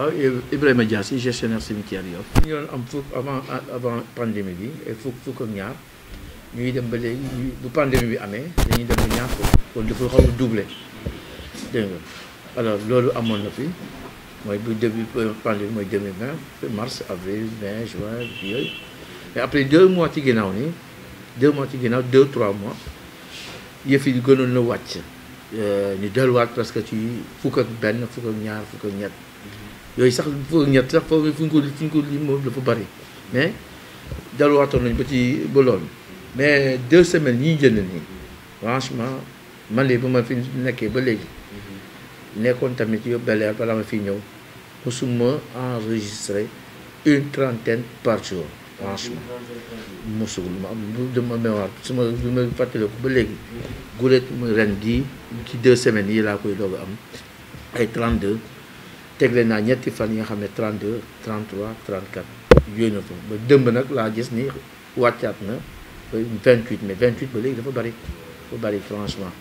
waaw Ibrahima Dia si gestionnaire cimetière Yoff ñu doon am fukk avant avant pandémie bi et fukk fukk ak ñaar ñuy dem ba léegi bu pandémie bi amee dañuy dem ba ñaar ko kon dafa xaw a doublé dégg loolu amoon na fi mooy bu début pandémie mooy 2020 mars avril mai juin yooyu mais après deux mois ci ginnaaw nii deux mois ci ginnaaw deux trois mois yëf yi gënoon na wàcc Euh, ñu delluwaat presque ci fukk ak benn fukk ak ñaar fukk ak ñett yooyu sax fukk ak ñett sax foofu fu ñu ko fu ñu ko lim moom dafa bari mais delluwaatoon nañu ba ci ba loolu mais deux semaines ñi jënd nii franchement man de ba ma fi nekkee ba léegi nekkoon tamit yo beleer balaa ma fi ñëw musuma enregistré une trentaine par jour franchement mosul ma am lu dama mémoire suma bi ma ko ba léegi guléet muy ren gii ci deux semaines yi laa koy doog am ay 32 tegle naa ñetti fan yi nga xam ne 32 33 34 yooyu na fa ba dëmb nag laa gis ni wàccaat na ba 28 mais 28 ba léegi dafa bari dafa bari franchement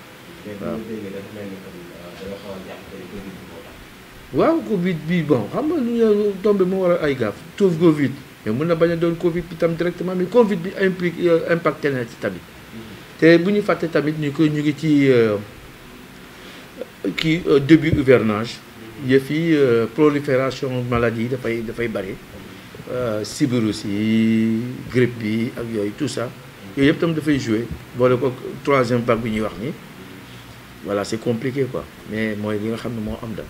waaw waaw Covid bi bon xam nga lu ñu tombé moo ay gaaf tuuf Covid mais mun na bañ doon Covid bi tam directement mais Covid bi implique euh, impacté na ci tamit te bu ñu fàtte tamit ñu ko ñu ngi ci euh, kii euh, début hivernage yëf yi prolifération maladie yi dafay dafay bëri sibirus yi grippe bi ak yooyu tout ça yooyu yëpp tam dafay joué boole ko troisième vague bi ñuy wax ni voilà c'est compliqué ko mais mooy li nga xam ne moo am daal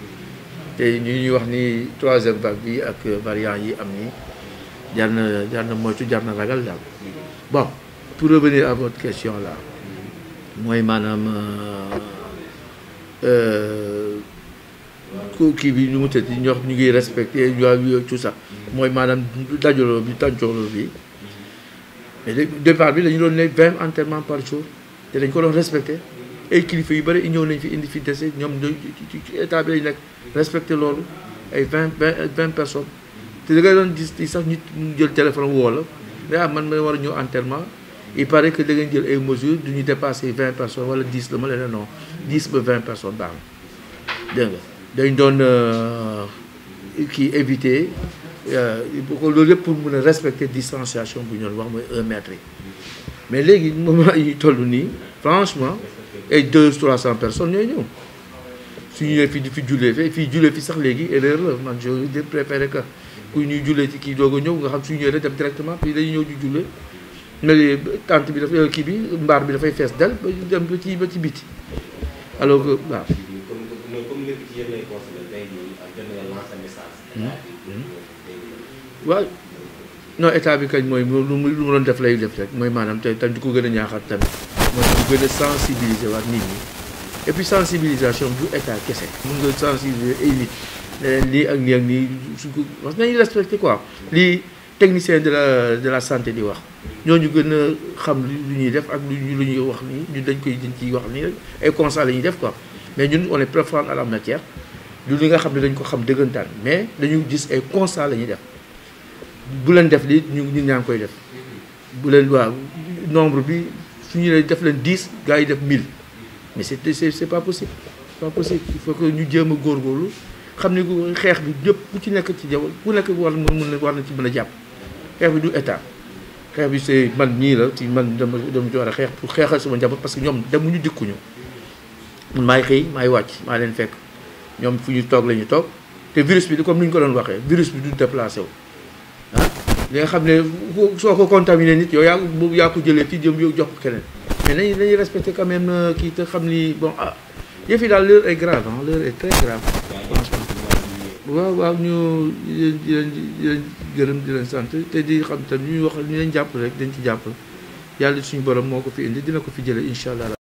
te ñu ñuy wax ni troisième vague bi ak variant yi am nii jar na jar na moytu jar na ragal daal bon pour revenir à votre question là mooy maanaam euh, kii bi ñu mu tëdd ñoo ñu ngi respecté ñu am tout ça mooy maanaam dajaloo bi tàncooloo bi mais départ bi dañu doon ne vingt enterrements par jour te dañ ko doon respecté ay yu bëri ñëw nañ fi indi fi dese ñoom ci état bi lañu nekk respecté loolu ay vingt vingt vingt personnes te da ngay doon dis sax nit ñu jël téléphone woo la nga ah, man ma war a ñëw enterrement il paraît que da ngeen jël ay mesures du ñu dépassé vingt personnes wala dix la ma leen non dix ba vingt personnes baax na dégg nga dañ doon euh, kii éviter euh, loolu yëpp pour mun a respecter distanciation bu ñu doon wax mooy un mètre mais léegi moment yi toll nii franchement ay deux trois cent personnes ñooy ñëw su ñu ñëwee fii di fi jullee fii jullee fi sax léegi erreur la man je préfère que ku ñuy jullee ci kii doog ñëw nga xam su ñu ñëwee dem directement fii dañuy ñëw di jullee mais tente bi dafa kii bi mbaar bi dafay fees del ba dem ba ci ba ci biti alors que waaw. waaw non état bi kañ mooy lu mu doon def lay def rek mooy maanaam te tamit di gën a ñaaxal tamit. maanaam gën a sensibiliser waat nit ñi et puis sensibilisation bu état kese mun nga sensibiliser ay nit ne leen lii ak lii ak lii su ko parce que nañu respecté quoi lii technicien de la la santé di wax ñoo ñu gën a xam lu ñuy def ak lu lu ñuy wax nii ñu dañ koy dañ ci wax nii rek ay constat la ñuy def am mais ñun on est préférant à la matière lu li nga xam ne dañ ko xam dëggantaan mais dañu gis ay constat la ñuy def bu leen def lii ñu ñu ñaa koy def bu leen waaw suñu leen def leen dix gars yi def mille mais c' est c' est pas possible c' pas possible il faut que ñu jéem a góorgóorlu xam ne xeex bi yëpp ku ci nekk ci jaww ku nekk war na mën war na ci mën a jàpp xeex bi du état xeex bi c'est man mii la ci man dama dama ci war a xeex pour xeexal sama njaboot parce que ñoom demuñu dikkuñu man maay xëy maay wàcc maa leen fekk ñoom fu ñu toog la ñu toog te virus bi comme ni ñu ko doon waxee virus bi du déplacé wu. li xam ne soo ko contaminé nit yow yaa boobu yaa ko jëlee fii jëm yow jox ko keneen mais nañ nañuy respecté quand même euh, kii te xam ni bon ah yëf daal l'heure est grave ah l'heure est très grave waaw waaw ñu leen di leen gërëm di leen sant te di xam tam ñu wax ñu leen jàpp rek dañ ci jàpp yàlla suñu borom moo ko fi indi dina ko fi jëlee incha allah